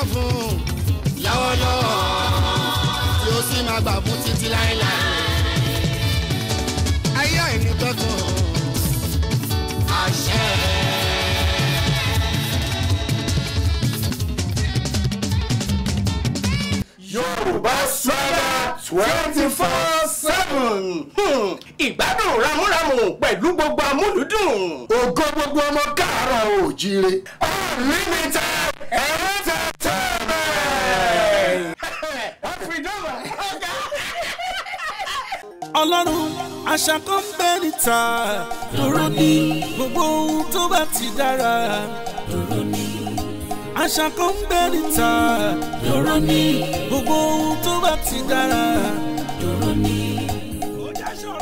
san fún un lọ́wọ́lọ́wọ́ tí ó sì máa gbà fún títí láéláé. ayé àìní gbọ́dọ̀ àṣẹ. Yorùbá Swaga twenty four seven hmm, ìgbádùn ramúramù pẹ̀lú gbogbo amúlùdùn ògo gbogbo ọmọ káàárọ̀ oòjíire unlimited ọlọ́run aṣàkọ́ńbẹ́ níta lóró ní gbogbo ohun tó bá ti dára lóró ní aṣàkọ́ńbẹ́ níta lóró ní gbogbo ohun tó bá ti dára lóró ní.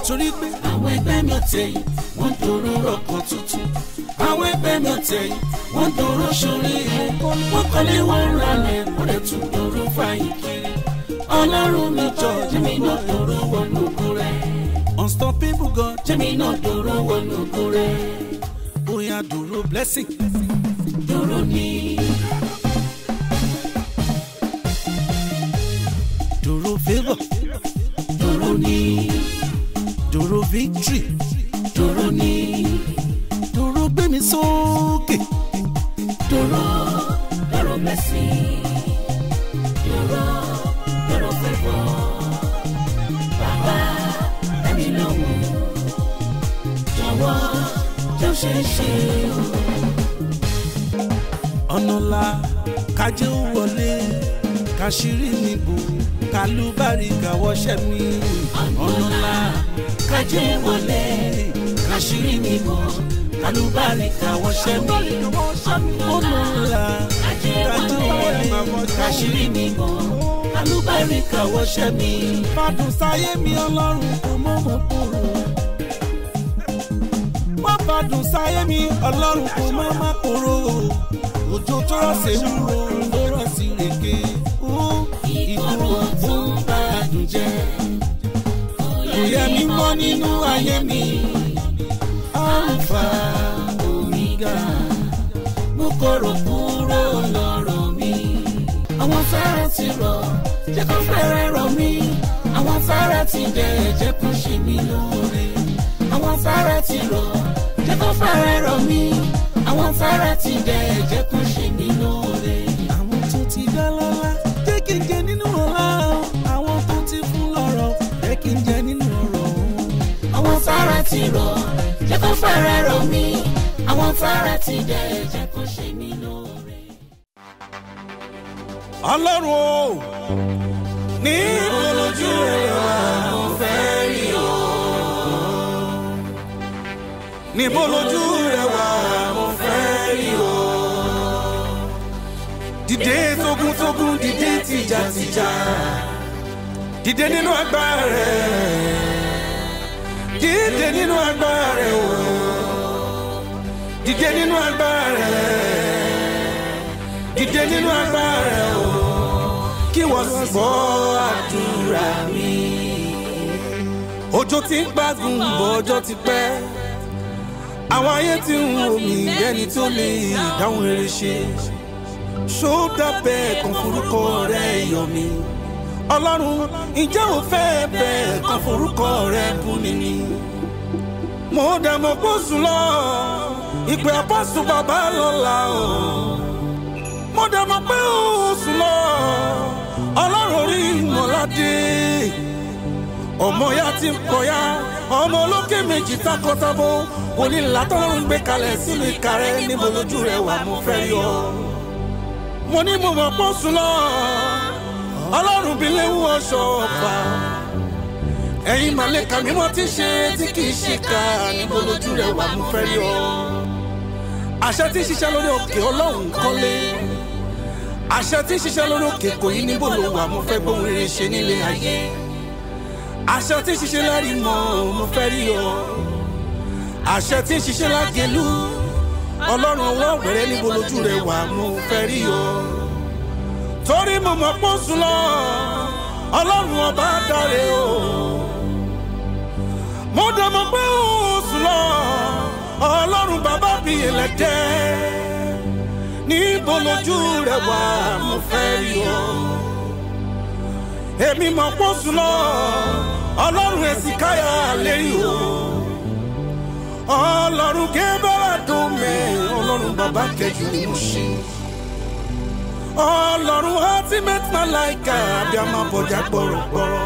torí pé àwọn ẹgbẹ́ mi tẹ̀yìn wọ́n dòrò ọkọ̀ tuntun àwọn ẹgbẹ́ mi tẹ̀yìn wọ́n dòrò sórí ẹ̀ wọ́n kọ́lé wọn ralẹ̀ wọ́n lè tún dòrò fàyè kiri ọlọ́run mi jọ jẹ́mi náà dòrò wọnú kun rẹ̀. unstoppable God jẹ́mi náà dòrò wọnú kun rẹ̀. bóyá dòrò blessing. dòrò ni. dòrò favour. dòrò ni. dòrò victory. dòrò ni. dòrò gbé mi sókè. dòrò dòrò blessing. ṣe ṣe o. ọ̀nà la kájé ó wọlé káṣírí mi bò kálúbárì káwọ́ṣẹ́ mi. ọ̀nà la kájé ó wọlé káṣírí mi bò kálúbárì káwọ́ṣẹ́ mi. ọ̀nà la kájé ó wọlé káṣírí mi bò kálúbárì káwọ́ṣẹ́ mi. fàdùn sáyé mi ọlọ́run kò mọ̀ mọ́ kúrò bá dùn sáyé mi ọlọ́run kò má má kóró òjò tó rọ̀ sí wúro ló rọ̀ sí rèké ikú tó bá dùn jẹ́ kò yẹ mi mọ́ nínú ayé mi alfa omega mú kóró kúrò lọ́rọ̀ mi àwọn fẹ́rẹ̀ ti rọ̀ jẹ́ kó fẹ́rẹ̀ rọ̀ mi àwọn fẹ́rẹ̀ ti dẹ̀ jẹ́ kó ṣe mí lóore àwọn fẹ́rẹ̀ ti rọ̀ kó fara rọ̀ mí àwọn fara ti dẹ̀ jẹ́ kó ṣe mí lóore. àwọn tó ti dá lọ́lá jẹ́ kí n jẹ nínú ọlá o àwọn tó ti fún lọ́rọ̀ jẹ́ kí n jẹ nínú ọrọ̀ o. àwọn fara ti rọ̀ jẹ́ kó fara rọ̀ mí àwọn fara ti dẹ̀ jẹ́ kó ṣe mí lóore. ọlọ́run o ní ìbò rẹ̀ wà ó fẹ́ rí. níbo lójú rẹ wà mo fẹ́ rí o. dìde tógúntógún dìde tìjàtìjà dìde nínú agbára rẹ dìde nínú agbára rẹ o dìde nínú agbára rẹ dìde nínú agbára rẹ o kí wọ́n sì gbọ́ àdúrà mi. Ojo ti ń gbádùn bọ́ ọjọ́ ti pẹ́ àwọn ayé tí ń wò mí ẹni tó lè dáhùn rere ṣe ṣódà bẹ́ẹ̀ kan forúkọ rẹ yọ mí ọlọ́run ǹjẹ́ ò fẹ́ bẹ́ẹ̀ kan forúkọ rẹ bú mi ni mo dà mọ́ pósù lọ ìpè àpọ́sù bàbá lọ́la o mo dà mọ́ pé ó sùn lọ ọlọ́run orí mọ́ládé ọmọ ya ti ń kọyá ọmọ olókè méjì takọtabo onílà tọ́lọ́run gbé kalẹ̀ sínú ìka rẹ níbo lójú rẹ wà mo fẹ́ yọ. mo ní mo mọ̀ pọ́ sùn lọ ọlọ́run bí léwu ọ̀ṣọ́ ọ̀fà ẹ̀yin màlẹ́kà mímọ́ ti ṣe tí kì í ṣe ká níbo lójú rẹ wà mo fẹ́ yọ. àṣẹ tí ṣiṣẹ́ lórí òkè ọlọ́run kọ́lé àṣẹ tí ṣiṣẹ́ lórí òkè kò yí níbo ló wà mo fẹ́ gbóhùn rere ṣe nílé ayé àṣẹ tí ń ṣiṣẹ́ lárí mọ́ mo fẹ́ rí o àṣẹ tí ń ṣiṣẹ́ lágẹ̀lú ọlọ́run ọwọ́ wẹ̀rẹ́ níbo lójú rẹ̀ wà mo fẹ́ rí o torí mo mọ̀ pọ́ sùn lọ ọlọ́run ọba dáre o mo dẹ̀ mọ̀ pé ó sùn lọ ọlọ́run bàbá mi ẹlẹ́dẹ́ níbo lójú rẹ̀ wà mo fẹ́ rí o èmi mọ̀ kó sùn lọ ọlọ́run èsì káyà lẹ́yìn o ọlọ́run ké bára dùn mẹ́ ọlọ́run bàbá kẹjù ni mo ṣe ọlọ́run ultimate malaika abiyamọ bọjá gbọrọgbọrọ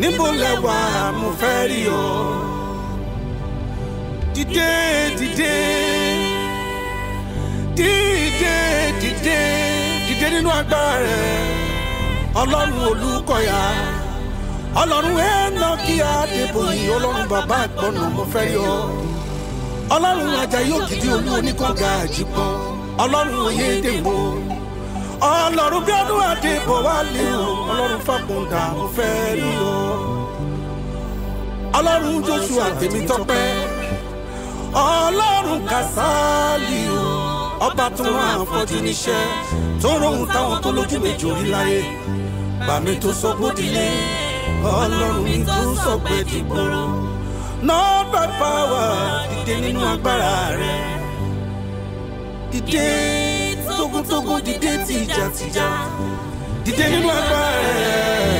níbo lẹwà mo fẹ́ rí o dìde dìde dìde dìde dìde nínú agbára rẹ. ọlọ́run olùkọ́yà ọlọ́run ẹnọkí adébóyè ọlọ́run bàbá àgbọ̀nà mo fẹ́ yọ ọlọ́run ajayi òkìdí olú oníkọ̀ǹga àjìpọ̀ ọlọ́run oyèdèwò ọlọ́run bíọ́dún àdébọ̀ wà lé o ọlọ́run fàkùndà mo fẹ́ yọ joshua ọlọ́run ọba tó rán àfọ́jú níṣẹ́ tó rohun táwọn tó lójú méjì orí láyé bàmí tó sọ pé dílé ọlọ́run mi tó sọ pé dìgbòrò not by power dìde nínú agbára rẹ dìde tógúntógún dìde tìjàtìjà dìde nínú agbára rẹ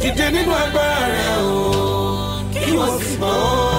dìde nínú agbára rẹ o kí wọ́n sì bọ́.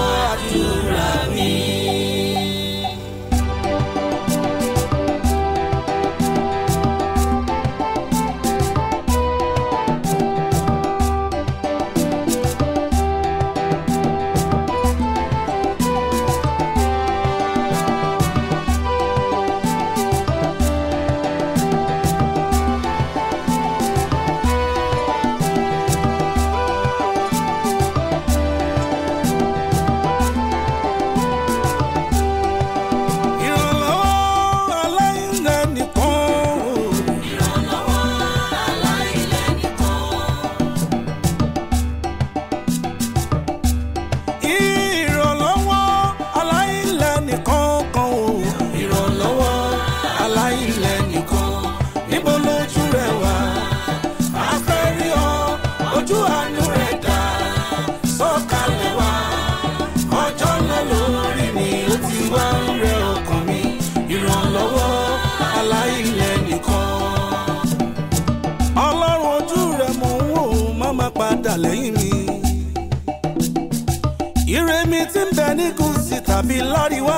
bẹ ní gúúsì tàbí láríwá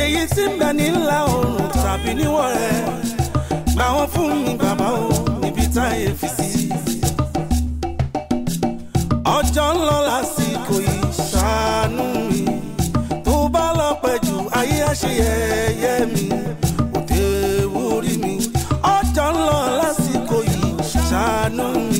èyí tí ń bẹ ní oòrùn tàbí níwọ̀ rẹ̀ gbà wọ́n fún mi bàbá o níbi táyé fi sí. ọjọ́ ń lọ lásìkò yìí ṣàánú mi tó bá lọ pẹ́ jù ayé àṣeyẹyẹ mi òde wúrí mi ọjọ́ ń lọ lásìkò yìí ṣàánú mi.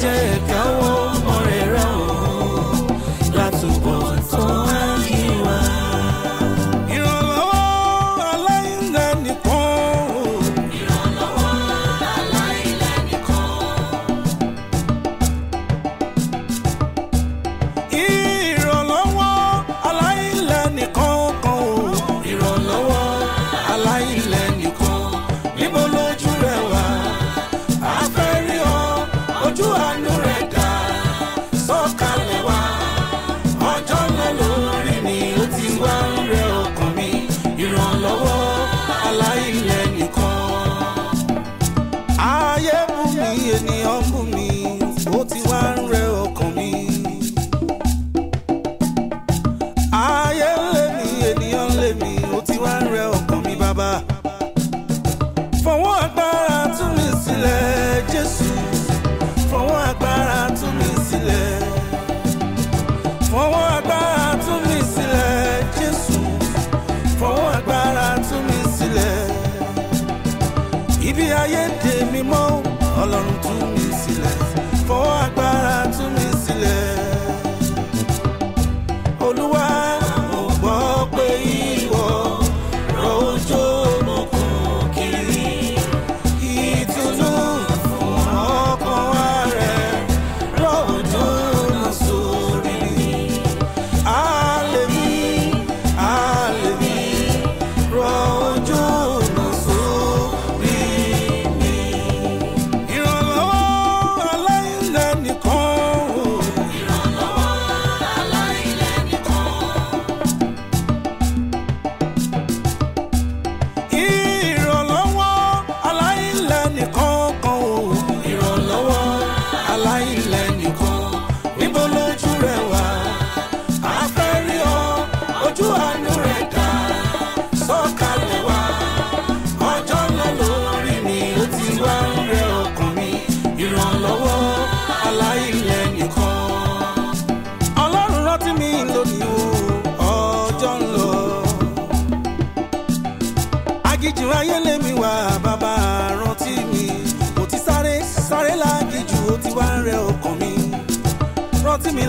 Jack, I want.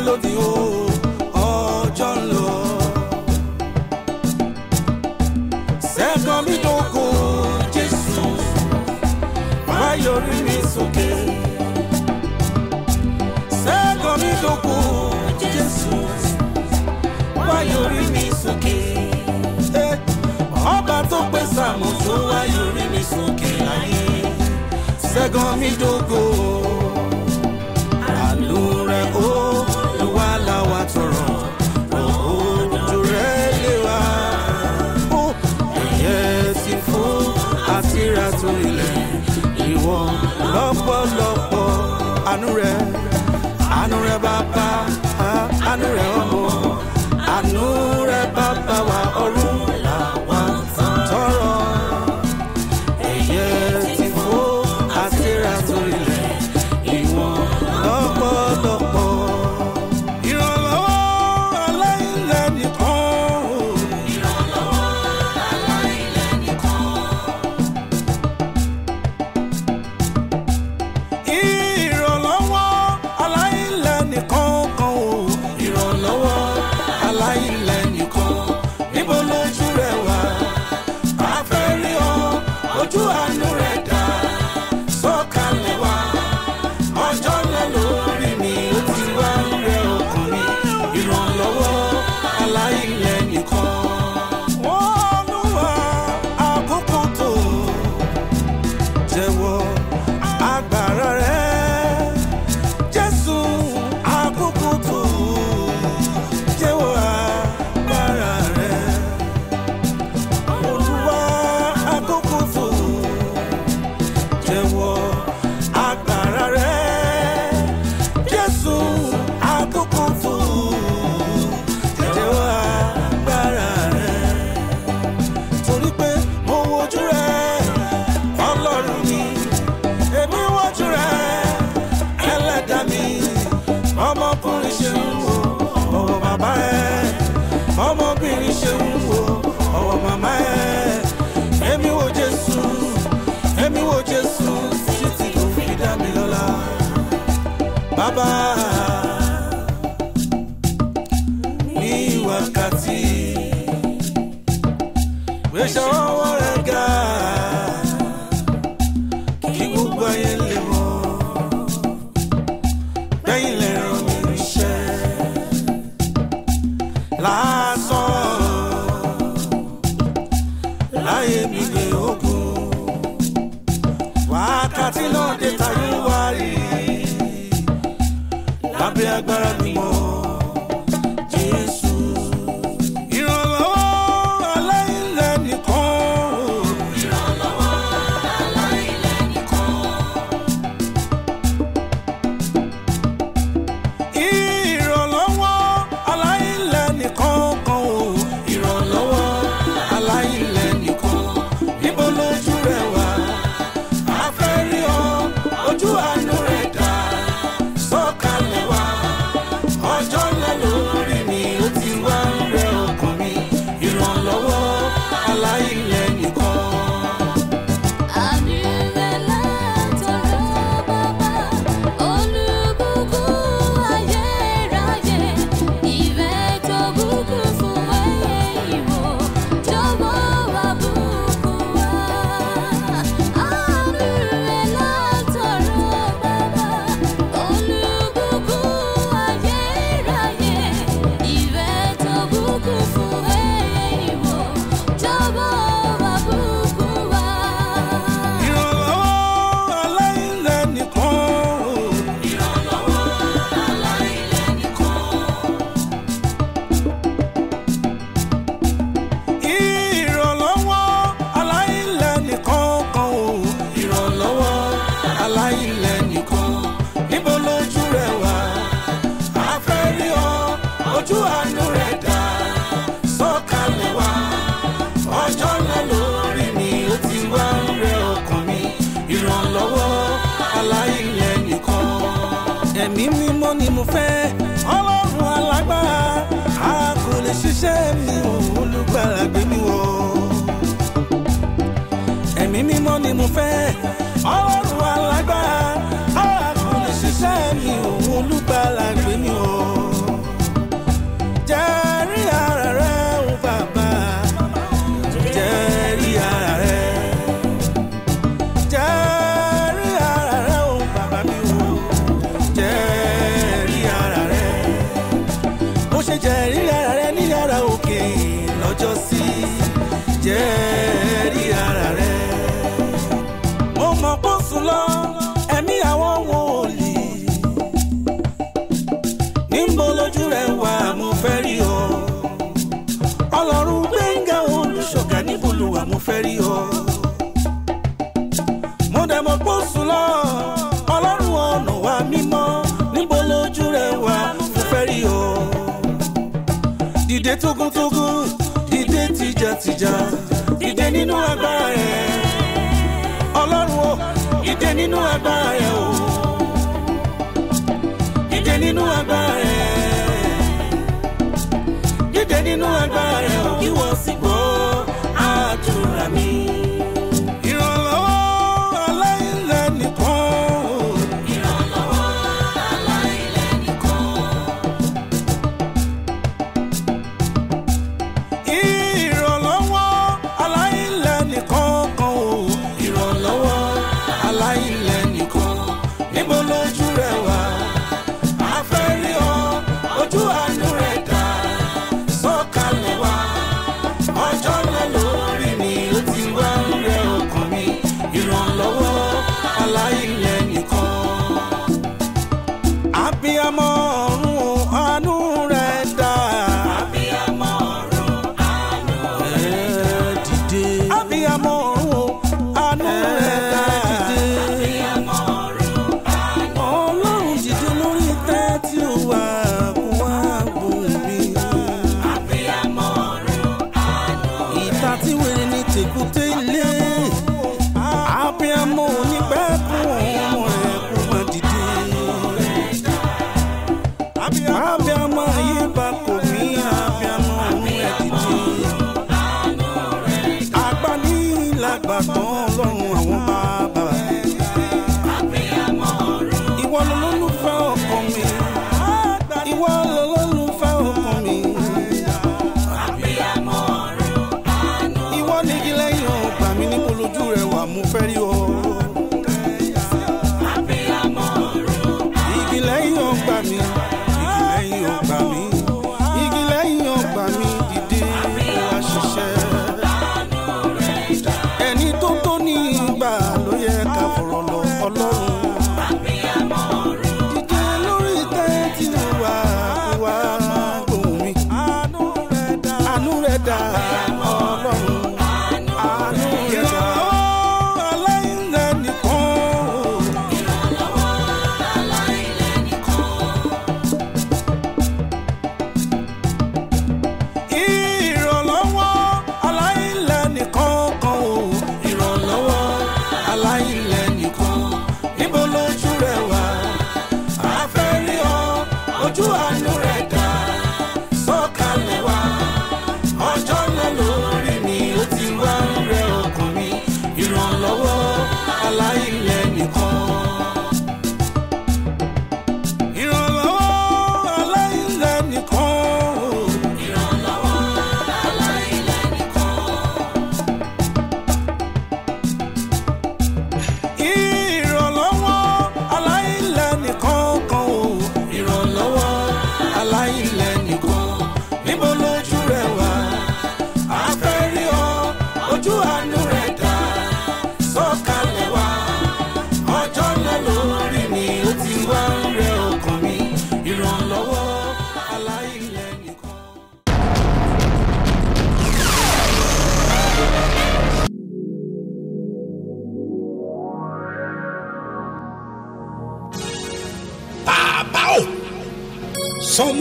lòdì o ọjọ́ ń lọ. sẹ́kàn mi dóko Jésù má yọrí mi sókè. sẹ́kàn mi dóko Jésù má yọrí mi sókè. ọba tó pèsè àmọ̀tó wá yọrí mi sókè láyé. sẹ́kàn mi dóko. tó ràn ojú rẹ̀ lè wá ẹ̀yẹ ti fún àtìrà tó ilẹ̀ ìwọ lọ́pọ̀lọpọ̀ àánú rẹ̀ àánú rẹ̀ bàbá àánú rẹ̀ ọmọ àánú rẹ̀ bàbá wa ọ̀run. sanwó rẹ̀ ga kí gbogbo ayé lè mọ̀ lẹ́yìn lè ràn mí ríṣẹ́ lásán láyé mi lè ogun wákàtí lóde tayé wárí lábẹ́ agbára. tógúntógún dìde tìjàtìjà dìde nínú agbára ẹ̀ ọlọ́run o dìde nínú agbára ẹ̀ o dìde nínú agbára ẹ̀ dìde nínú agbára ẹ̀ o kí wọ́n sì gbọ́.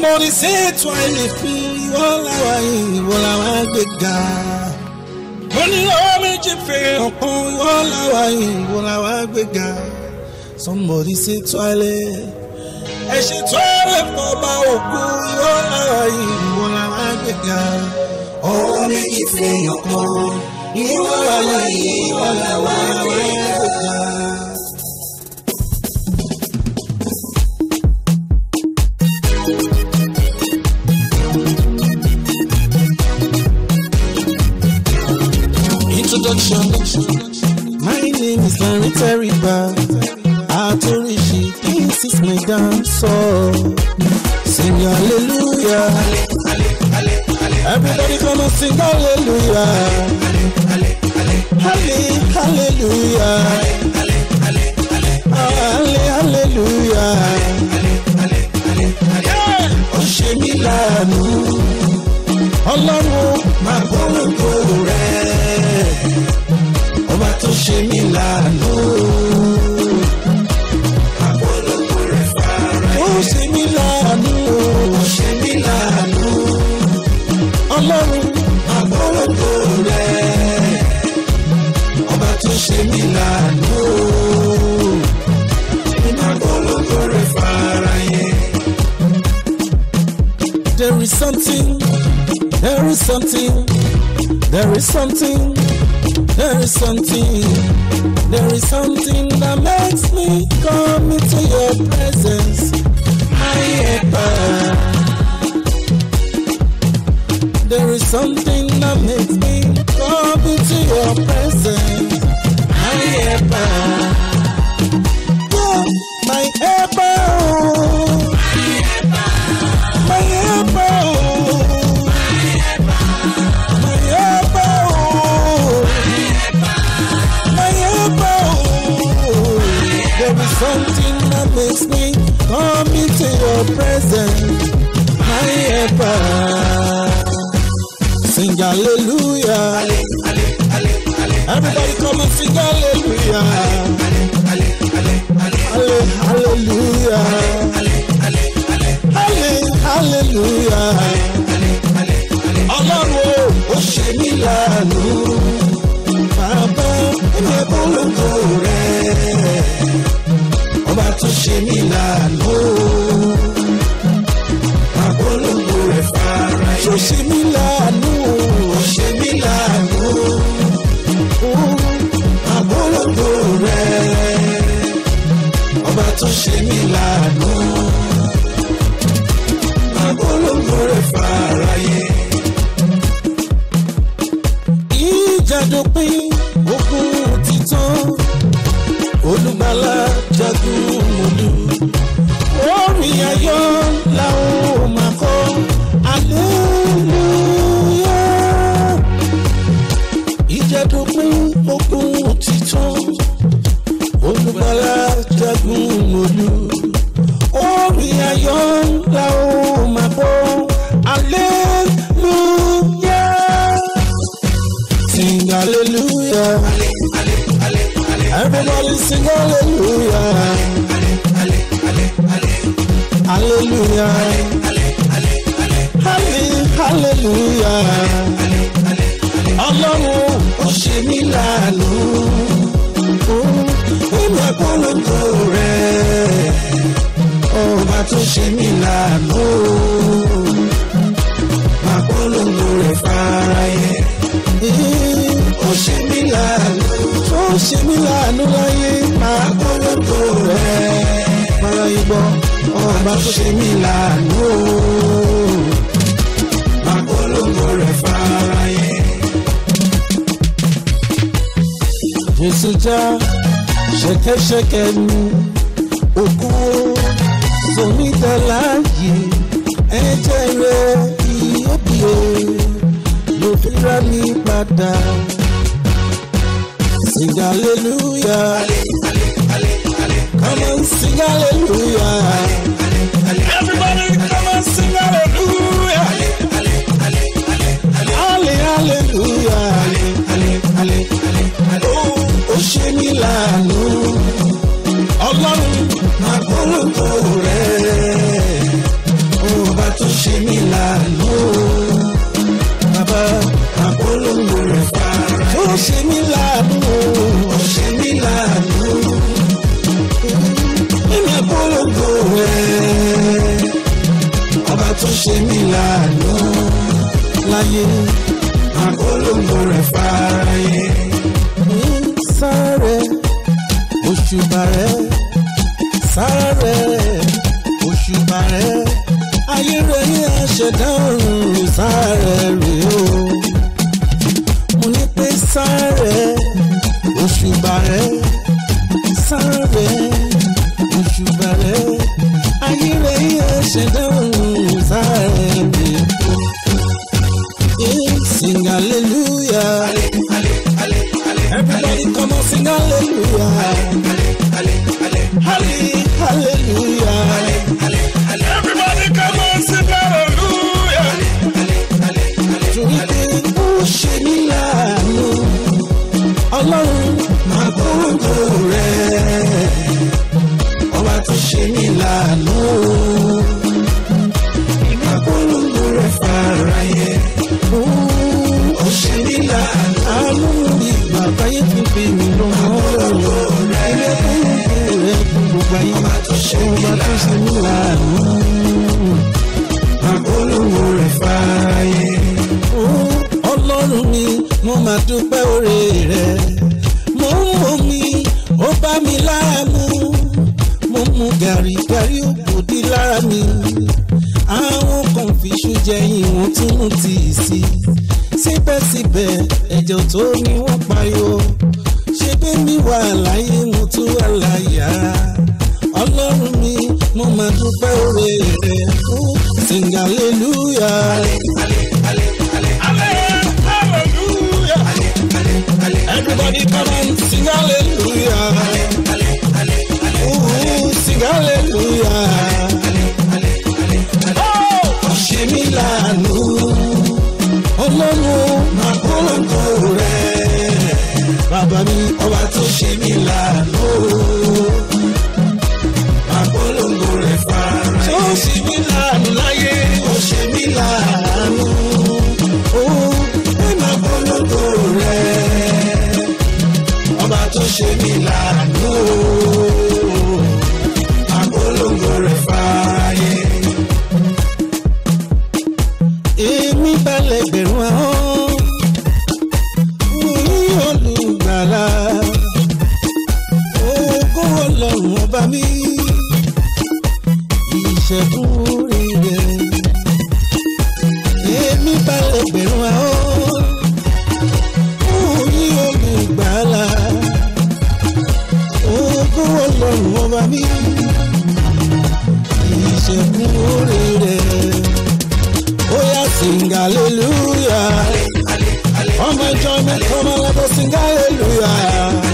mo ní ṣètò àìlè fún ìwọ làwa ìwọ làwa gbé ga. mo ní ọwọ́ méjì fèrè ọ̀kan ìwọ làwa ìwọ làwa gbé ga. somebody ṣètò àìlè. ẹ ṣètò àìlè fún ọba òkú ìwọ làwa ìwọ làwa gbé ga. ọwọ́ méjì fèrè ọ̀kan ìwọ làwa ìwọ làwa gbé ga. tẹríba àtúnríṣi kí n sì pin dáńsọ. Sing hallelujah. Everybody come and sing hallelujah. Hallelujah. Hallelujah. Hallelujah. Ó ṣe mí láàánú. Ọlọ́run máa gbórúkọ rẹ̀ tó ṣe mí lánàá. àpolongo rẹ̀ fara ẹ̀. ó ṣe mí lánàá. ó ṣe mí lánàá. ọlọ́run àpolongo rẹ̀. ọba tó ṣe mí lánàá. àpolongo rẹ̀ fara ẹ̀. There is something, there is something, there is something. There is something, there is something that makes me come into your presence. My helper. There is something that makes me come into your presence. My helper. Something that makes me come into your presence. High ever. Sing hallelujah. Ale, ale, ale, ale, Everybody ale. come and sing hallelujah. Ale, ale, ale, ale, ale. Hallelujah. Ale, ale, ale, ale. Hallelujah. Ale, ale, ale, ale. Ọlọ́run ó ṣe mí láàánú. Bàbá ẹ̀mí ẹ̀bùn lóko rẹ̀ tún ṣe mí láàánú. Àpolongo rẹ̀ fara yẹn. Tó ṣe mí láàánú. Tó ṣe mí láàánú. Àpolongo rẹ̀ ọba tó ṣe mí Àpolongo rẹ̀ fara yẹn. Ìjà dópin, ogun ti tán, olùgbàlà ayọ̀ làwọn ò máa kọ aleluya. ìjẹ́dógún ogun òtítọ́ olùgbàlà jagun olú orin ayọ̀ làwọn ò máa kọ aleluya. sing aleluya. Everybody sing hallelujah hallelujah. hallelujah. ọlọ́run ó ṣe mí láàánú. ó ní ẹ̀pọ̀lọ́jọ́ rẹ̀ ọba tó ṣe mí láàánú. máa polongo rẹ̀ fara yẹ. ó ṣe mí láàánú. ó ṣe mí láàánú láyé. máa polongo rẹ̀ fara yẹ gbọ́ bá tó ṣe mí láàánú máa polongo rẹ̀ fáráyé. Jésù já ṣẹ̀kẹ̀ṣẹ̀kẹ̀ mi òkú sọmítẹ́lá yìí ẹ̀jẹ̀ rẹ̀ ìyóbìó ló fi rà mí padà. Sing hallelujah. Come on, sing hallelujah. hallelujah. Ale, ale, ale, ale, ale. Ó ṣe mí láàánú. Ọlọ́run máa gbórúkọ rẹ̀. Ọba tó ṣe mí láàánú. Bàbá máa polówó rẹ̀ fara. Ó ṣe mí láàánú. Ó ṣe mí láàánú. Èmi àpolongo rẹ̀. Ọba tó ṣe mí láàánú láyé olóńgbò rẹ̀ fàáyé. sáré òṣùbà rẹ̀ sáré òṣùbà rẹ̀ ayé rẹ̀ yẹ àṣẹdá òrùn sáré rèé o. mo ní pé sáré òṣùbà rẹ̀ sáré òṣùbà rẹ̀ ayé rẹ̀ yẹ àṣẹdá. oríire èmi balẹ̀ gbẹ̀rún àwọn fún yín omi ìgbàlà ogún ọlọ́run ọba mi ìṣẹ́gun oríire ó yá sing hallelujah ọmọ ìjọ mi kọ́ ọmọ alábọ̀ sing hallelujah.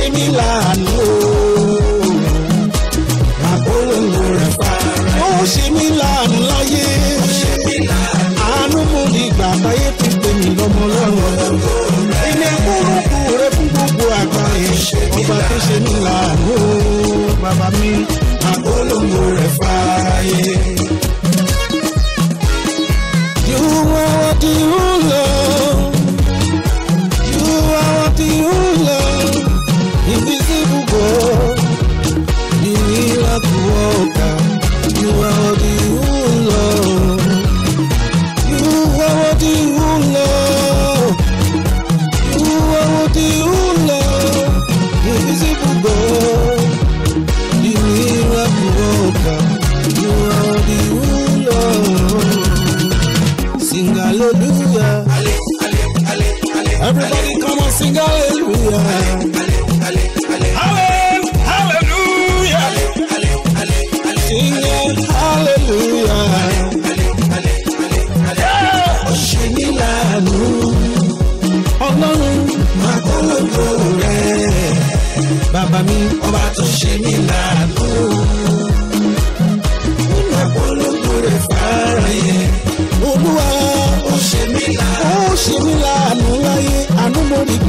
ṣe mí láàánú àpolongo rẹ̀ pa ó ṣe mí láàánú láyé àánú mú mi gbà táyé fi pè mí lọ́mọ lọ́wọ́ ilé kúrúkú rẹ̀ fún gbogbo àgbáyé ọba tó ṣe mí láàánú bàbá mi àpolongo rẹ̀ fààyè. You are the ruler.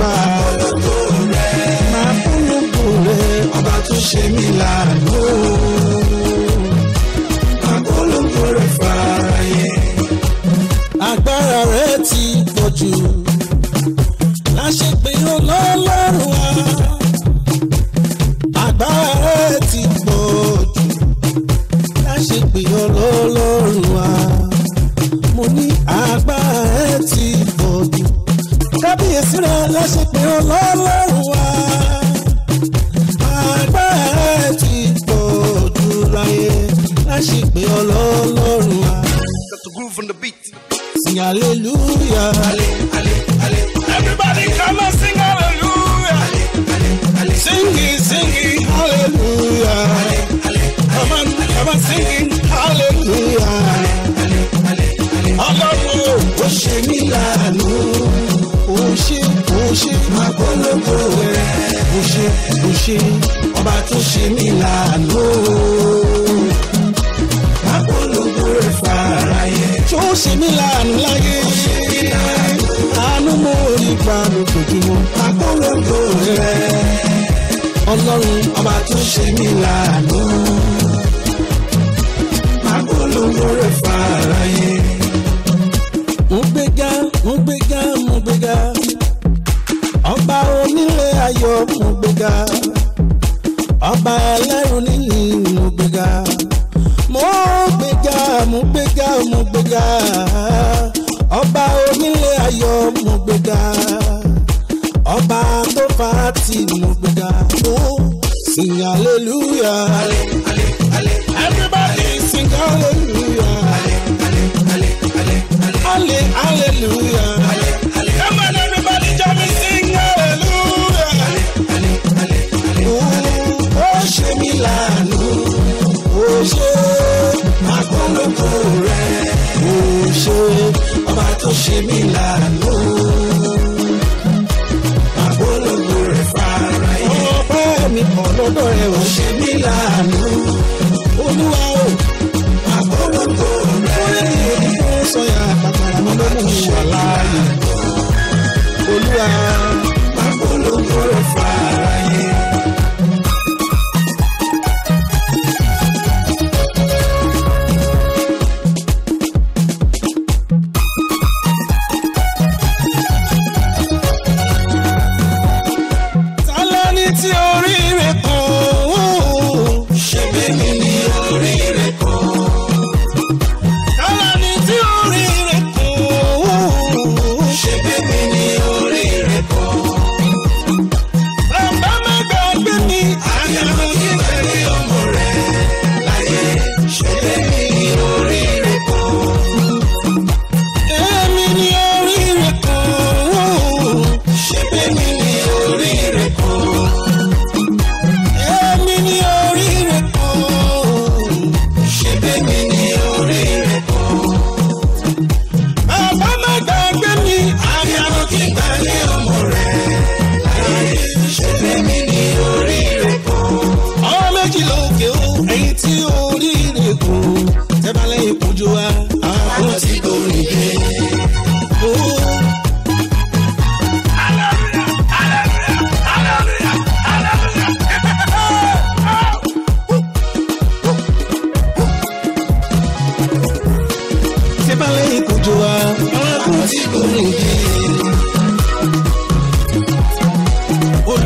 my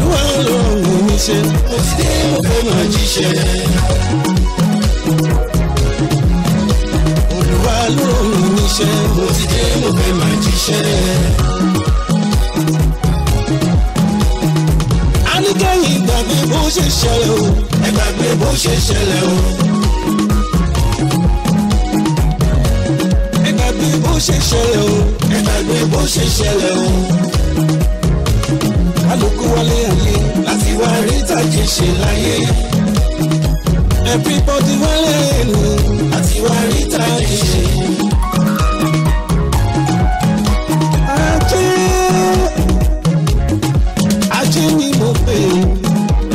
olúwa lọ́rùn mi ṣe mo dé mo fẹ́ máa jíṣẹ́. olúwa lọ́rùn mi ṣe mo dé mo fẹ́ máa jíṣẹ́. anigẹ́yìn gbàgbé bó ṣe ṣẹlẹ̀ o ẹ gbàgbé bó ṣe ṣẹlẹ̀ o. ẹ gbàgbé bó ṣe ṣẹlẹ̀ o ẹ gbàgbé bó ṣe ṣẹlẹ̀ o kálukú wálé ayé láti wá rí tàjé ṣe láyé. everybody wálé ẹnu láti wá rí tàjé ṣe. ajé ajé ni mo pè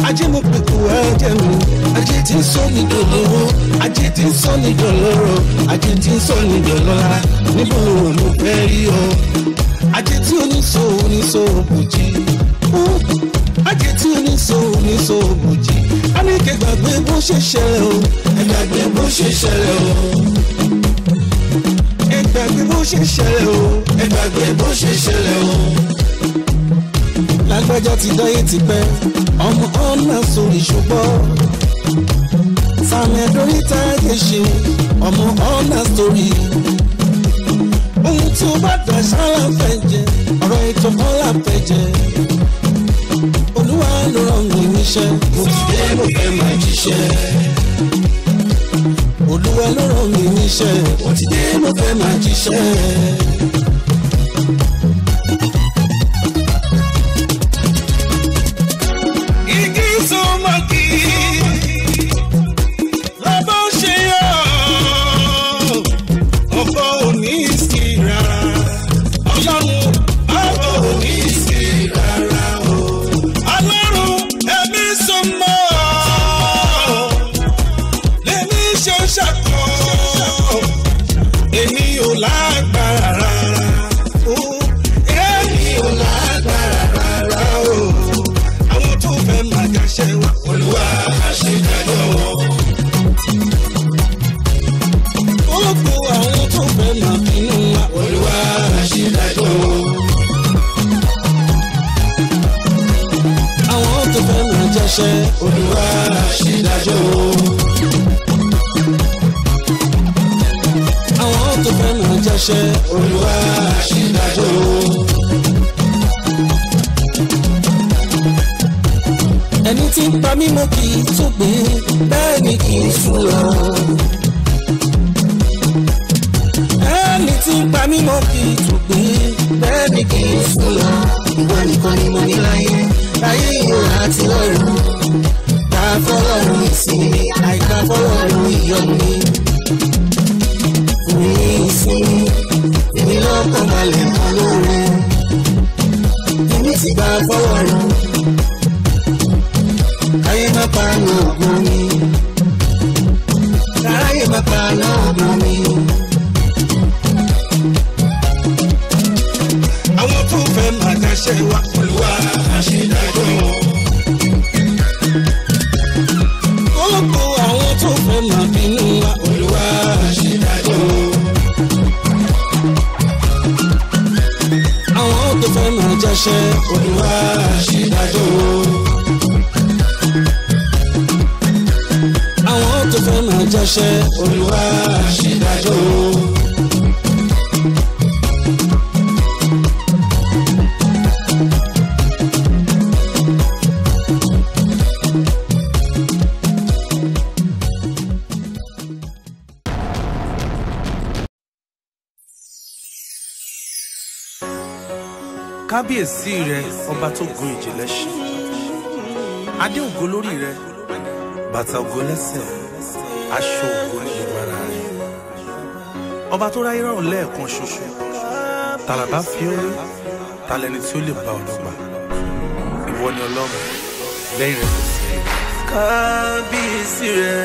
ajé mo pè kú ajé mi ajé tí ń sọ ní dòlówó ajé tí ń sọ ní dòlóró ajé tí ń sọ ní dòlọ́lá níbo mo fẹ́ rí o ajé tí oníṣòwò oníṣòwò kò jí. So ní so bùjì á ní kí gbàgbé bó ṣe ṣẹlẹ̀ o ẹ gbàgbé bó ṣe ṣẹlẹ̀ o ẹ gbàgbé bó ṣe ṣẹlẹ̀ o ẹ gbàgbé bó ṣe ṣẹlẹ̀ o. lágbájá ti dáyé ti pẹ́ ọmọ ọ̀nà sórí ṣùgbọ́n sàmì ẹ̀dọ́rí táyé ṣeun ọmọ ọ̀nà sórí ohun tí ó bá dà sára fẹ́ jẹ ọ̀rọ̀ ètò ọ̀la fẹ́ jẹ wà ló rọrùn níṣẹ́ mo ti dé mo fẹ́ máa jíṣẹ́. Olúwa ló rọrùn níṣẹ́ mo ti dé mo fẹ́ máa jíṣẹ́. ṣe olúwa ṣèdájọ́. ẹni tí ń pa mímọ́ kì í túgbé bẹ́ẹ̀ ni kì í fura. ẹni tí ń pa mímọ́ kì í túgbé bẹ́ẹ̀ ni kì í fura. ìwọ nìkan ni mo ní láyé láyé ìhòòhò àti ọ̀run. Gbà fọlọ́run ìsinmi, àìgbà fọlọ́run ìyọ́nmi. kó má lè mọ lórí. Èmi ti gbà fọwọ́ rẹ̀. Káyé má pa náà mọ́ mi. Káyé má pa náà mọ́ mi. ṣe olúwa ṣèdájọ́ o. àwọn tó fẹ́ máa jẹ́ ṣe olúwa ṣèdájọ́ o. kábíyèsí rẹ ọba tó gun ìjìnlẹ̀ ṣe adé ògo lórí rẹ bàtà ògo lẹ́sẹ̀ aṣọ ògo ní gbogbo ara rẹ ọba tó ráyé rọrùn lẹ́ẹ̀kan ṣoṣo tàlàbà fi ó rí talẹni tí ó lè bá ọ̀nà gbà ìwọ ni ọlọ́run lẹ́yìn rẹ kò sí. kábíyèsí rẹ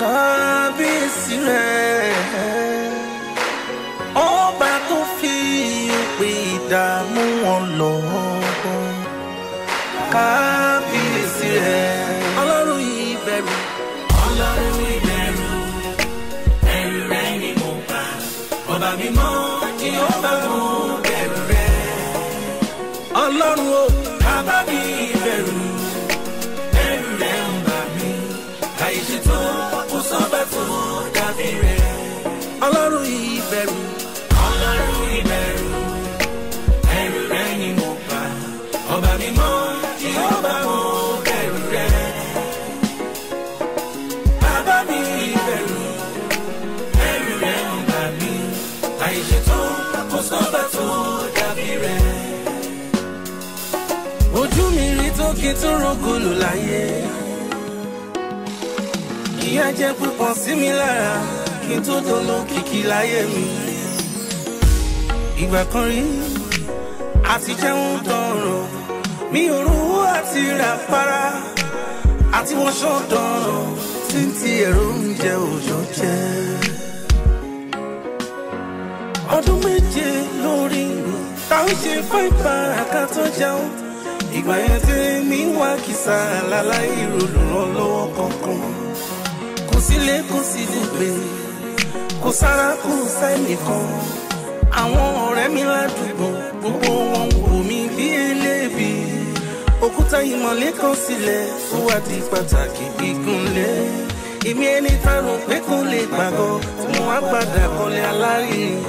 kábíyèsí rẹ ọba tó fi òpè ìdààmú wọn lọ ọgbọ́n kábíyèsí rẹ̀ ọlọ́run ìbẹ̀rù. ọlọ́run ìbẹ̀rù ẹ̀rù rẹ̀ ni mo pa ọba mímọ́ kí ó bá mú bẹ̀rù rẹ̀. ọlọ́run kí tún rògbòlò láyé ìyà jẹ́ púpọ̀ sí mi lára kí n tó dolo kìkì láyé mi ìgbà kan rí àti jẹun dọ̀rọ̀ mi ò rówó àti rà para àti wọn ṣọ dọ̀rọ̀ tí ń ti èrò oúnjẹ òòjọ́ jẹ́ ọdún méje lórí mi táwọn ṣe fáìpá àkàtọ́ jẹun ìgbà yẹn tí mi wá kìsà láláì olùrànlọ́wọ́ kankan kò sílé kò sí dùgbẹ́ kò sára kò sẹ́nìkan àwọn ọ̀rẹ́ mi ládùúgbò gbogbo wọn wò mí bí eléèbì òkúta ìmọ̀lé kan sílẹ̀ ó wá di pàtàkì gbígunlẹ̀ èmi ẹni tá rò pé kò lè gbàgbọ́ tí mo wá padà kọ́lé alárinrin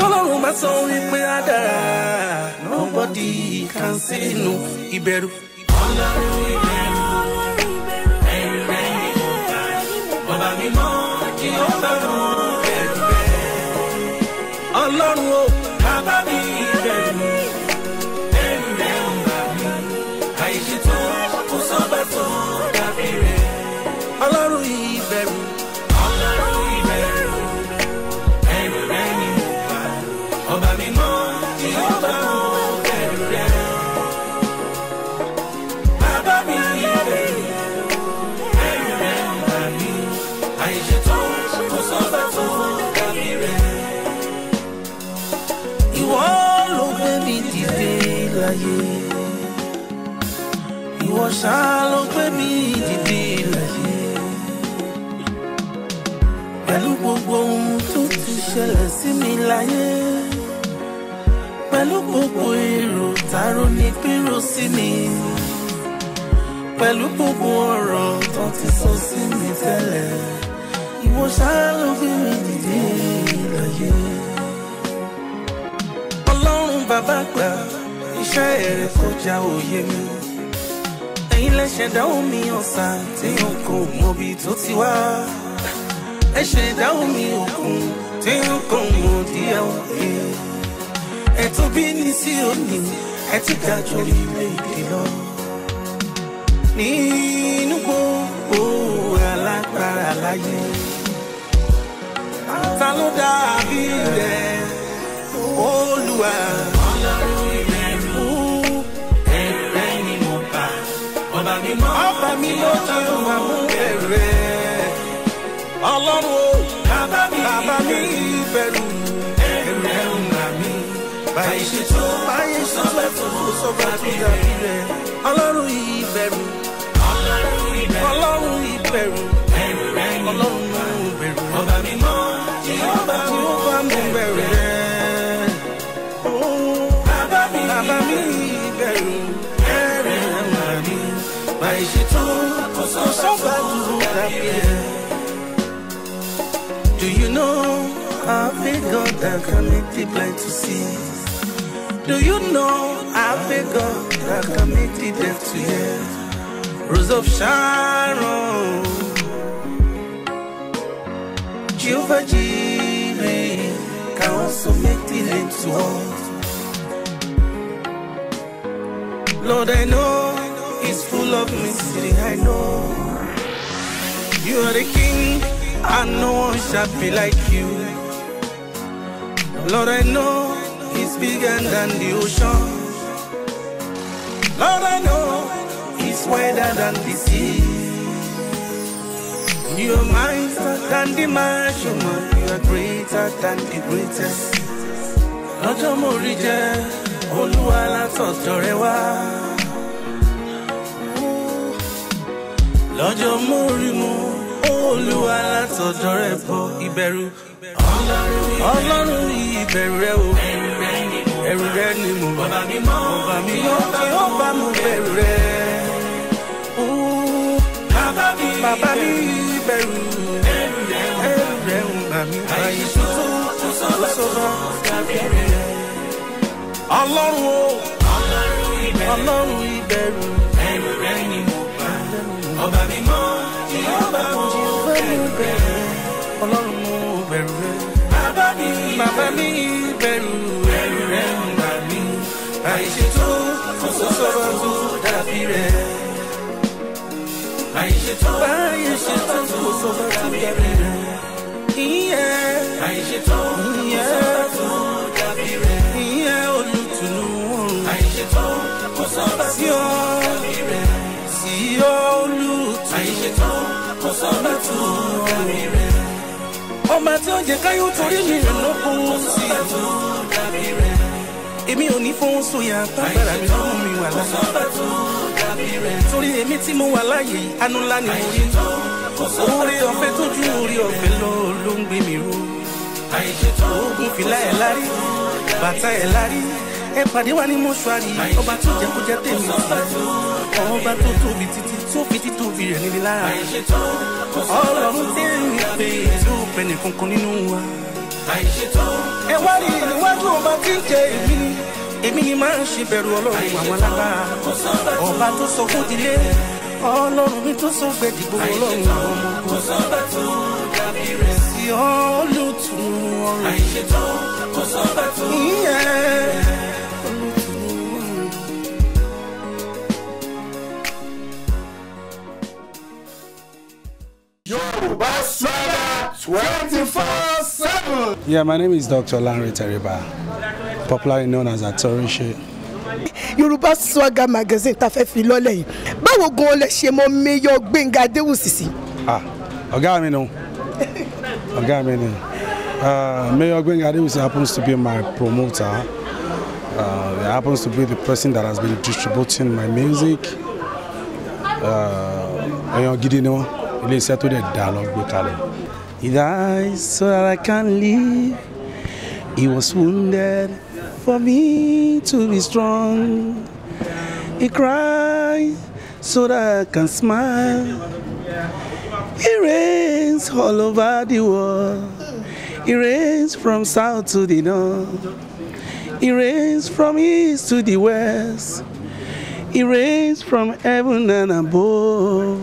tọ́lọ́run bá sọ wípé á dára nobody can say no ìbẹ̀rù. ọlọ́run ìbẹ̀rù ẹ̀rù rẹ̀ ni mo bá ọba mímọ́ kí ó bá wọn ẹ̀rù Ọlọ́run ṣáá ló gbé mi dìde láyé pẹ̀lú gbogbo ohun tó ti ṣẹlẹ̀ sí mi láyé pẹ̀lú gbogbo èrò tààrọ ní pírò sí mi pẹ̀lú gbogbo ọ̀rọ̀ tó ti sọ sí mi tẹ́lẹ̀ ìwọ ṣáá ló gbé láyé Ọlọ́run bàbá gbà iṣẹ́ ẹ̀rẹ̀ kọjá òye mi ẹ̀yin lẹ́ṣẹ̀dá omi ọ̀sà tí òkun mọ̀bi tó ti wá ẹ̀ṣẹ̀dá omi òkun tí òkun mọ̀ di ẹ̀wọ̀n yìí ẹ̀tún bí ní sí òní ẹ̀ ti ga jù ìwé ìdè lọ. nínú gbogbo alágbára láyé ta ló dàbí rẹ̀ Olúwa. mi ó tọrọ máa mú bẹ̀rẹ̀ ọlọ́run ó bàbá mi bẹ̀rù ẹ̀rẹ̀ ń bà mí báyìí ṣe tó báyìí ṣe tó fòfò sọ́ba tó dàbí rẹ̀ ọlọ́run ìbẹ̀rù ọlọ́run ìbẹ̀rù ọlọ́run ìbẹ̀rù ọba mi mọ́ tí ó bá mú bẹ̀rù Do you know I've been God that can make the blind to see? Do you know I've been God that can make the deaf to hear? Rose of Sharon, Jehovah Jireh can also make the lame to walk. Lord, I know it's full of mystery, I know. You are the king, and no one shall be like you. Lord, I know it's bigger than the ocean. Lord, I know it's wider than the sea. You are mightier than the mighty You are greater than the greatest. Lọ́jọ́ your rí jẹ́, Olúwa látọ̀dọ̀ rẹ wá. lọ́jọ́ mórí mu. olúwa látọ̀dọ̀ rẹ̀ bọ̀ ìbẹ̀rù ọlọ́run ìbẹ̀rù rẹ̀ o ẹ̀rù rẹ̀ ni mo bá mi mọ́ bá mi mọ́ kí ó bá mo bẹ̀rù rẹ̀ bàbá mi ìbẹ̀rù ẹ̀rù rẹ̀ ń bà mí báyìí tó tó sọ́dọ̀ ọlọ́run o ọlọ́run ìbẹ̀rù. ọlọ́run mú bẹ̀rù rẹ. bàbá mi bàbá mi bẹ̀rù bẹ̀rù rẹ ń gbà mí. àìṣètò kò sọ́sọ́rọ́ tó dàbí rẹ. àìṣètò báyìí ṣètò sọ́sọ́rọ́ tó dàbí rẹ. àìṣètò sọ́sọ́rọ́ tó dàbí rẹ. ìyẹn olùtùnú. àìṣètò sọ́sọ́rọ́ tó dàbí rẹ. ọmọ tí ó jẹ káyọ̀ torí mi rẹ̀ ló kó wọn sí i. èmi ò ní fóun sóyà tábàrà mi fún mi wà láyé. torí èmi tí mo wà láyé anú ni mo rí. oore ọ̀fẹ́ tójú oore ọ̀fẹ́ lọ ló ń gbé mi ró. oògùn fìlà ẹ̀ lárí bàtà ẹ̀ lárí ẹ pàdé wa ní mọ́ṣúárì ọba tó jẹkújẹ tèmi ọba tó tóbi títí tó fi títóbi rẹ̀ nílé lára ọlọ́run tí ń pè é tó pẹ̀lẹ́ kankan nínú wa. ẹ wá rí níwájú ọba tí ń jẹ èmi ni èmi ni máa ń ṣe bẹ̀rù ọlọ́run àwọn alágbára ọba tó sọ fún ilé ọlọ́run mi tó sọ gbẹ̀dìgbò ọlọ́run àwọn ọmọ ogun sí olùtùnú ọrùn. àìṣètò kò Yorùbá Swaga twenty four seven. Yeah, my name is Dr. Larry Teriba, popularly known as Atorinse. Yoruba Swagger magazine ta fẹ́ fi lọ́lẹ̀ yìí báwo gan-an lè ṣe mọ mayor Gbẹ̀ngà Adéwùsìsì. ah ọ̀gá mi nù ọ̀gá mi nù ah, mayor Gbẹ̀ngà Adéwùsì happens to be my promoter uh, he happens to be the person that has been distributing my music èèyàn ah, gidi ni wọ́n. iléeṣẹ́ tó dẹ̀ dá lọ gbé kalẹ̀. If so that I can live, he was wounded for me to be strong. He cries so that I can smile. He reigns all over the world. He reigns from south to the north. He reigns from east to the west. He reigns from heaven and above.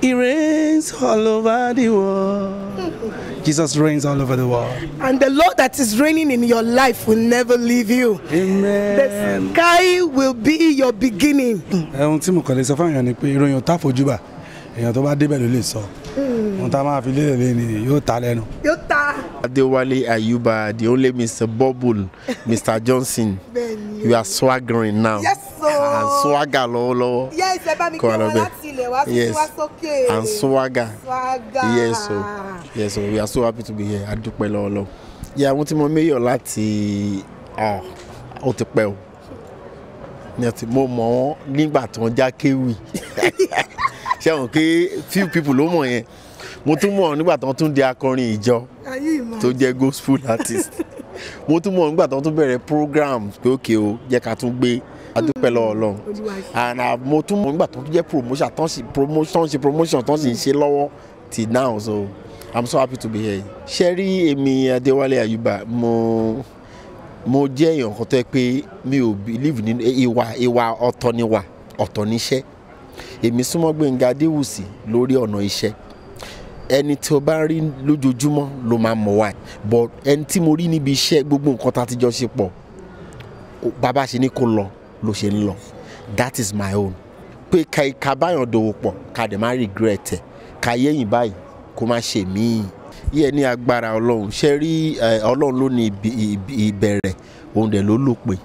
He reigns all over the world. Jesus reigns all over the world. And the Lord that is reigning in your life will never leave you. Amen. The sky will be your beginning. Ohun tí mo kàn lè sọ fún èèyàn ni pé ìròyìn tá fojú bà èèyàn tó bá débẹ̀ ló lè sọ. Hmm. Ohun tá a máa fi lélẹ̀ lẹ́nu yóò ta lẹ́nu. Yóò ta. Adewale Ayuba, the only Mr. Bubble, Mr. Johnson, you are swaggering now. Yes. Ah, so. Oh. à ń swaga lọ́wọ́lọ́wọ́. yes ẹ bá mi kọ́ wọn láti ilẹ̀ wá sí wá sókè. à ń swaga swaga yes o oh. yes o oh. we are so happy to be here adúpẹ́ lọ́wọ́lọ́wọ́. yẹ àwọn tí mo méyọ̀ láti ah, ó ti pẹ́ o mo mọ̀ wọ́n nígbà tó ń já kéwì ṣé àwọn pé few people ló mọ̀ yẹn mo tún mọ̀ nígbà tó ń tún di akọrin ìjọ tó jẹ́ gospel artist mo tún mọ̀ nígbà tó ń tún bẹ̀rẹ̀ program pé òkè o jẹ́ ká tún gbé adúpẹ́ lọ́wọ́ Ọlọ́run and uh, mo tún mọ̀ nígbà tó jẹ́ promotion tó ṣe promotion ṣe promotion tó ń ṣe lọ́wọ́ till now so i'm so happy to be here. ṣe rí èmi Adéwálé Àyùbá mo mo jẹ́ èèyàn kan tó yẹ pé mi ò believe nínú ìwà ìwà ọ̀tọ̀ ni wà ọ̀tọ̀ níṣẹ́ èmi súnmọ́ Gbénga Adéwùsì lórí ọ̀nà iṣẹ́ ẹni tí o bá rí lójoojúmọ́ ló máa mọ̀ wá but ẹni tí mo rí níbi iṣẹ́ gbogbo nǹkan tá a ti jọ ṣe pọ̀ bàbá ṣe ni kò lọ ló ṣe ń lọ that is my own pé ká báyọ̀ dòwò pọ̀ ká dẹ̀ má regret ẹ̀ ká yéyìn báyìí kó má ṣe míì yíyẹ ní agbára ọlọ́run ṣe rí ọlọ́run ló ní ìbẹ̀rẹ̀ òun dẹ̀ ló lópin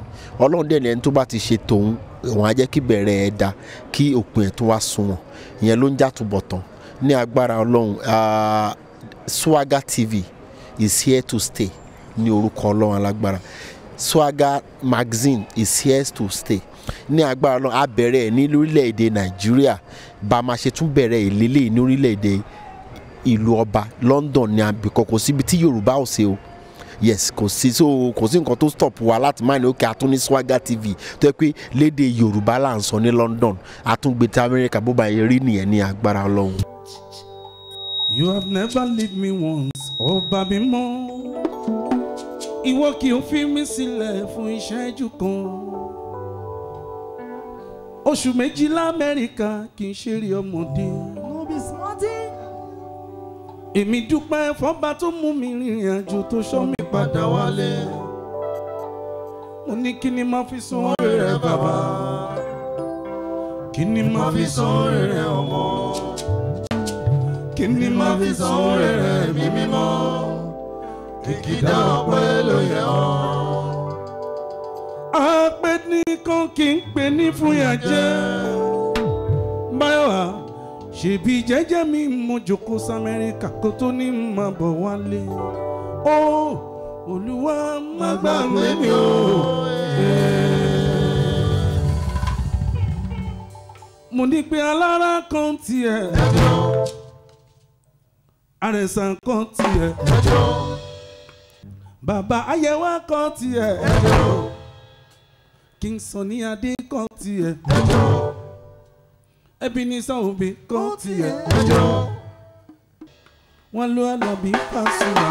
ọlọ́run dẹ̀ ní tó bá ti ṣe tòun òun á jẹ́ kí bẹ̀rẹ̀ ẹ̀ da kí òpin ẹ̀ tó wá sunwọ̀n ìyẹn ló ń jàtúbọ̀ tán ní agbára ọlọ́run Swaga TV is here to stay ní orúkọ ọlọ́run alágbára swagger magazine is here to stay ní agbára náà a bẹ̀rẹ̀ ẹ̀ ní lórílẹ̀‐èdè nàìjíríà bá a máa ṣe tún bẹ̀rẹ̀ ìlélẹ̀ ní orílẹ̀‐èdè ìlú ọba london ní àbíkọ́ kò síbi tí yorùbá ò ṣe o yes kò sí so kò sí nǹkan tó stop wa láti máa ní òkè àtún ní swagger tv tó yẹ pé léde yorùbá là ń sọ ní london àtúngbé tí amẹ́ríkà bó ba rí nìyẹn ní agbára ọlọ́run. you have never leave me once ọba mi mọ́ ìwọ kì í fi mí sílẹ̀ fún ìṣẹ́jú kan oṣù méjì lamẹ́ríkà kì í ṣeré ọmọdé. èmi dúpẹ́ fọ́ba tó mú mi rìnrìn àjò tó sọ mi padà wálé. mo ní kí ni máa fi san oore rẹ bàbá kí ni máa fi san oore rẹ ọmọ kí ni máa fi san oore rẹ mímímọ́ ìkìdá ọpẹ́ ló yẹ ọ́. apẹ́ nìkan kì í pè ní fúnyà jẹ́ báyọ̀ ṣèbí jẹ́jẹ́ mi mo jókòó samẹ́ríkà kó tó ní máa bọ̀ wálé ó olúwa má gbàgbé mi ó. mo ní pé alára kan tiẹ̀ àrẹ̀sà kan tiẹ̀ bàbá ayẹwà kan tiẹ̀. King Sunny Adé kan tiẹ̀. Ebenezer Obey kan tiẹ̀. wọ́n ló Àlàbí Pasuma.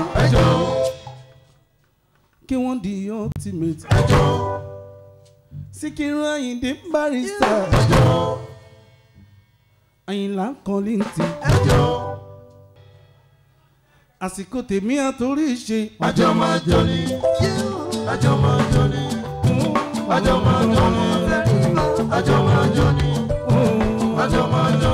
kí wọ́n di ultimate. Síkírù Àyìndé barrister. Àyìnlá Collins àsìkò tèmi àtòrí ṣe. àjọ máa jọ ni àjọ máa jọ ni àjọ máa jọ ni àjọ máa jọ ni àjọ máa jọ ni.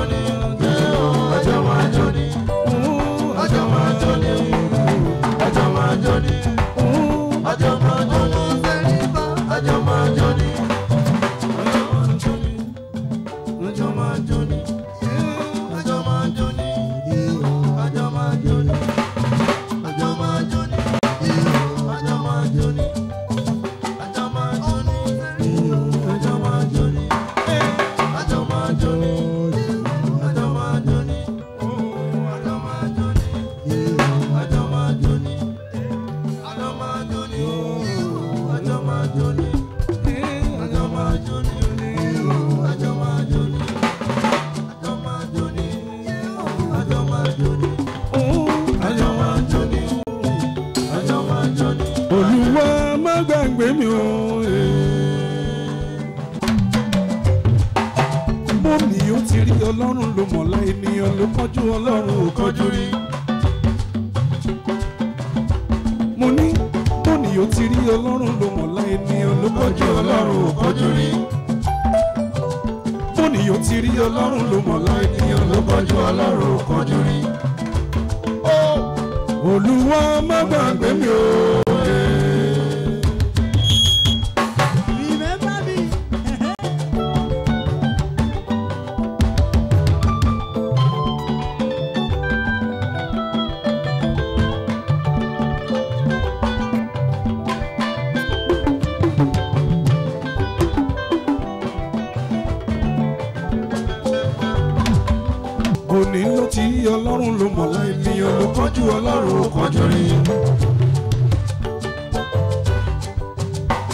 tí ọlọ́run ló mọ̀ láì ní olùkọ́jú ọlọ́run ò kọjọ rí.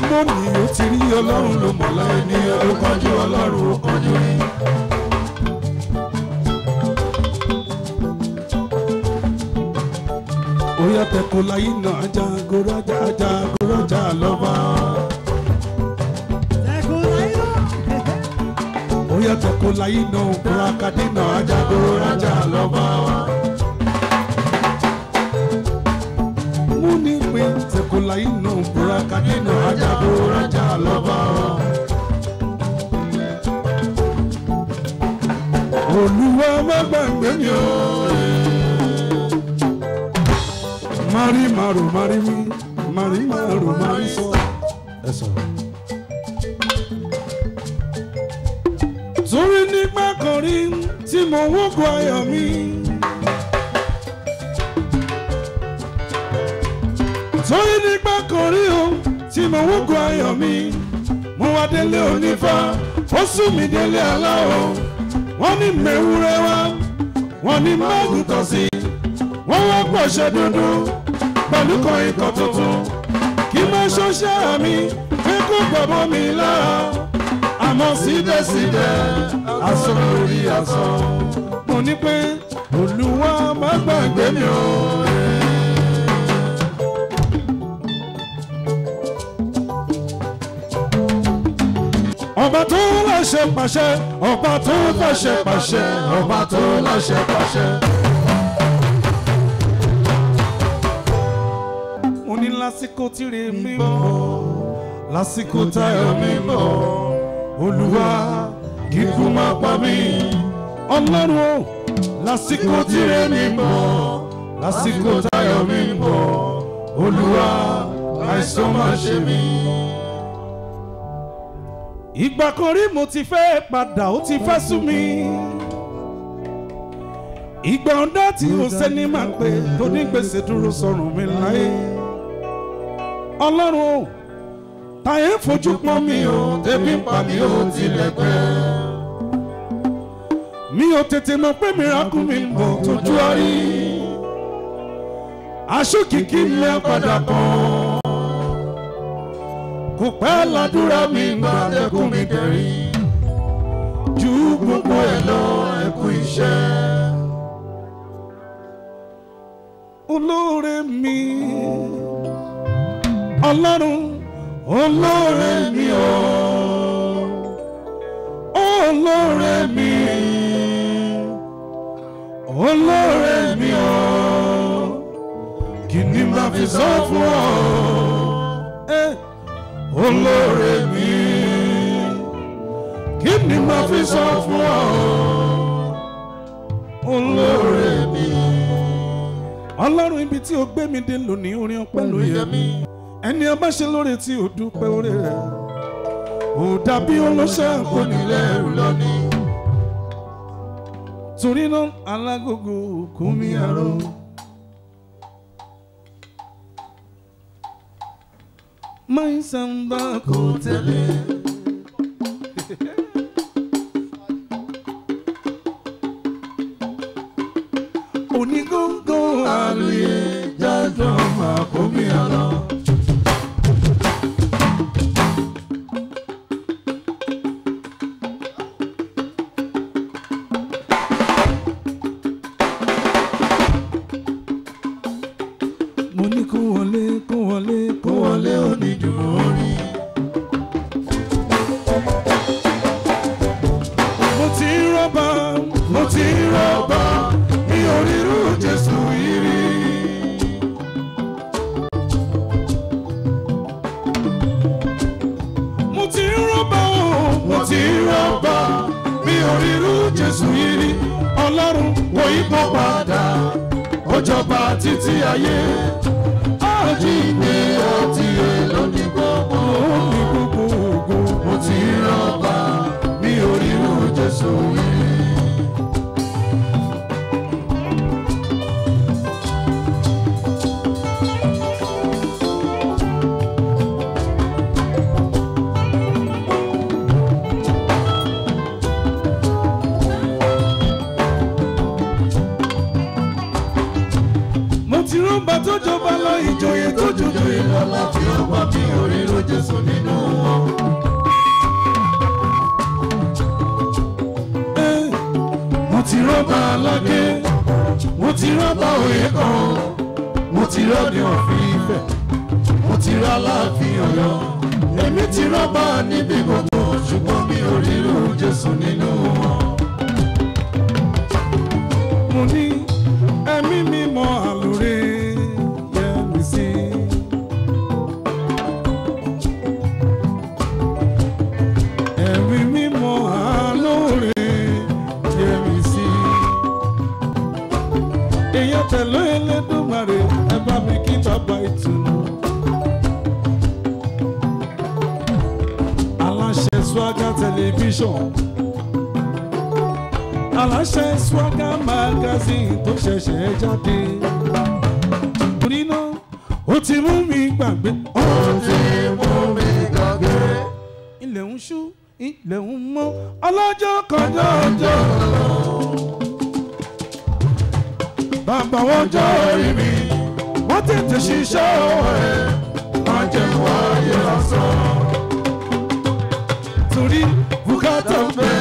lónìí ó ti rí ọlọ́run ló mọ̀ láì ní olùkọ́jú ọlọ́run ò kọjọ rí. ó yàtọ̀ kó láyé náà ajá agoro ajá ajá agoro ajá lọ́ba. Oya tokola ino kura kadina ajagoro raja lọba wa. Múni pé tokola ino kura kadina ajagoro raja lọba wa. Olúwa má gbàgbé mi o. Mari maru mari mi, mari maru mari so. mo wúkọ̀ ayọ̀ mi. torí nígbà kan rí o tí mo wúkọ̀ ayọ̀ mi mo wa délé onífá ó sún mi délé aláwọ̀ wọ́n ní mẹ́wúrẹ́ wá wọ́n ní máàgùn tọ̀ sí wọ́n wá pọ̀ṣẹ́ dúndún pẹ̀lú kan ikọ̀ tuntun kí n má mi fẹ́ kó gbọ́mọ́ mi lára àmọ́ síbẹ̀síbẹ̀ asán lórí asán. mo ní pé olúwa má gbàgbé mi o. ọba tó láṣẹ pàṣẹ ọba tó láṣẹ pàṣẹ ọba tó láṣẹ pàṣẹ. mo ní lásìkò tí rèé mi bọ̀ lásìkò táyọ̀ mi bọ̀ olúwa kíkú má pa mí ọlọ́run o lásìkò tìrẹ mi bọ̀ lásìkò tayọ̀ mi bọ̀ olúwa àìsàn má ṣe mí. ìgbà kan rí mo ti fẹ́ padà ó ti fẹ́ sú mi ìgbà ọ̀dá tí o sẹ́ni máa pè tó ní gbèsè dúró sọ̀rùn mi láyé ọlọ́run o táyé ń fojú pọ́n mi ò tẹ́bí ń pa mi ò tilẹ̀ pẹ́. mi ò tètè mọ̀ pé mìíràkù mi ń bọ̀ tójú ọrí aṣókìkí ilé padà kan kò pẹ́ ládùúrà mi gbà lẹ́kùn mi dẹ̀rí ju gbogbo ẹ̀ lọ ẹ̀kú iṣẹ́. olóore mi ọlọ́run olóore mi o olóore mi olóore mi o kí ni màá fi sọ fún ọ olóore mi kí ni màá fi sọ fún ọ olóore mi. ọlọ́run ibi tí o gbé mi dé lónìí orin ọpẹ́ ló yẹ mí ẹni a bá ṣe lóore tí ò dúpẹ́ oore rẹ̀ ò dàbí olóṣà kò nílẹ̀ ẹrù lónìí. torí náà alágógó kò mí àrò. máa ń sàǹbà kò tẹ̀lé. onígógó àlùyé jájọ́ máa mi àlọ́. oníkúwọlé kúwọlé kúwọlé do. gbàgbé. ó ti mú mi gbàgbé. ilẹ̀ ń ṣú ilẹ̀ ń mọ́ ọlọ́jọ́ kọjá ọjọ́. bàbá wọn jọ orí mi wọ́n tètè ṣiṣẹ́ ọ̀rẹ́ máa jẹ́ wáyé lásán. torí bùkátà ń bẹ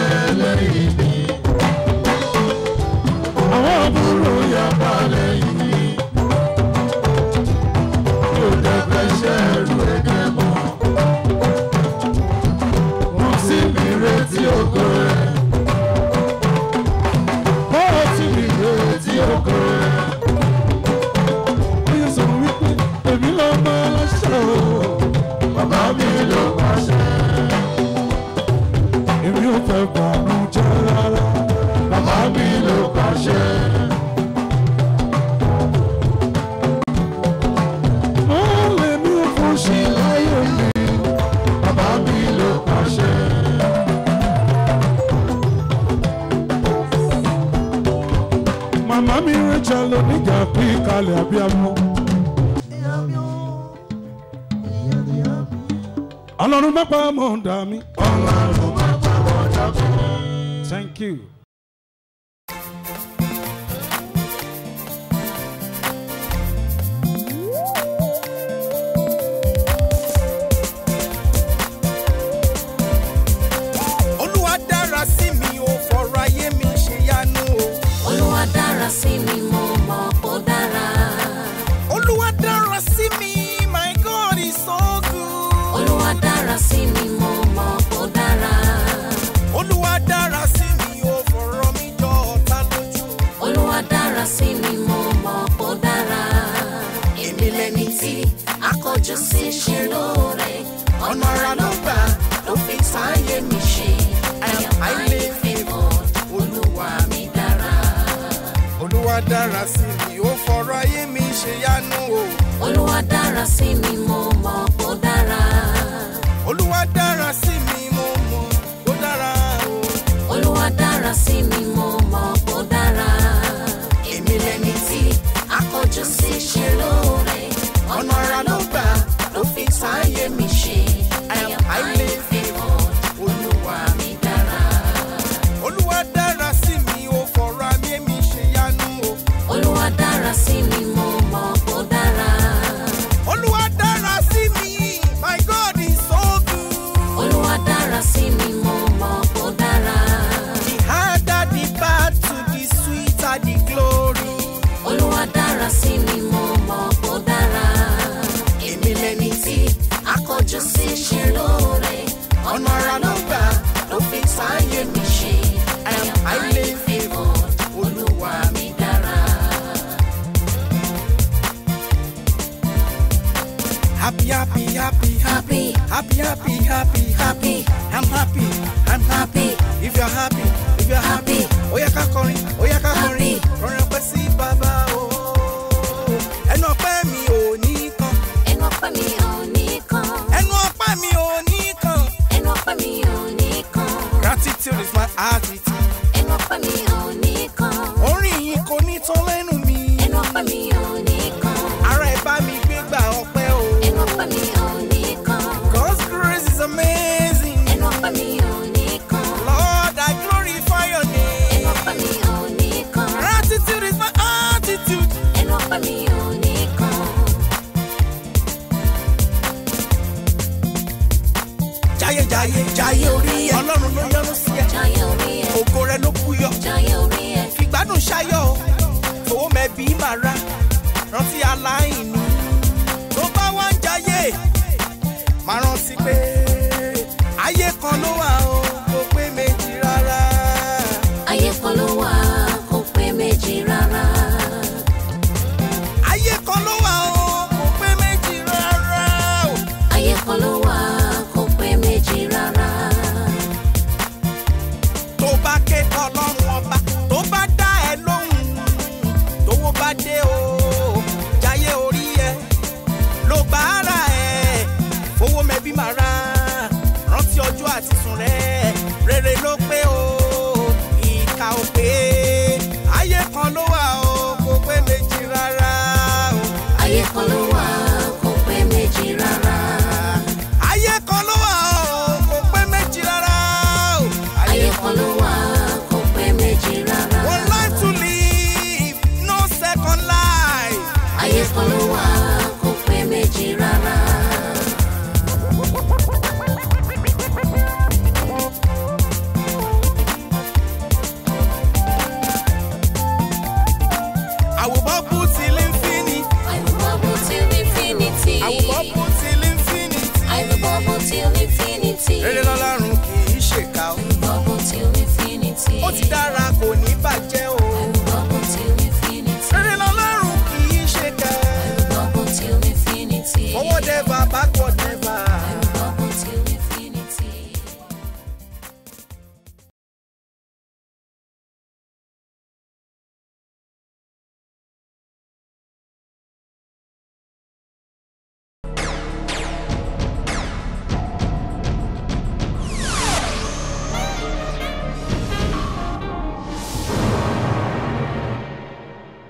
lẹ́yìn mi àwọn àbúrò yà balẹ̀. ṣe lóníjà bí kalẹ̀ abíyamọ. ọlọ́run mọ́pá mọ̀ ń dà mi. olúwa dára sí mi ó fọ̀rọ̀ ayé mi ṣe yánú o. olúwa dára sí mi mo mọ̀ kó dára. olúwa dára sí mi mo mọ̀ kó dára o. olúwa dára sí mi mo mọ̀ kó dára. èmi lẹni tí a kọjú sí ṣe lóore ọ̀nà ara ló gbà ló fi sáyé mi ṣe.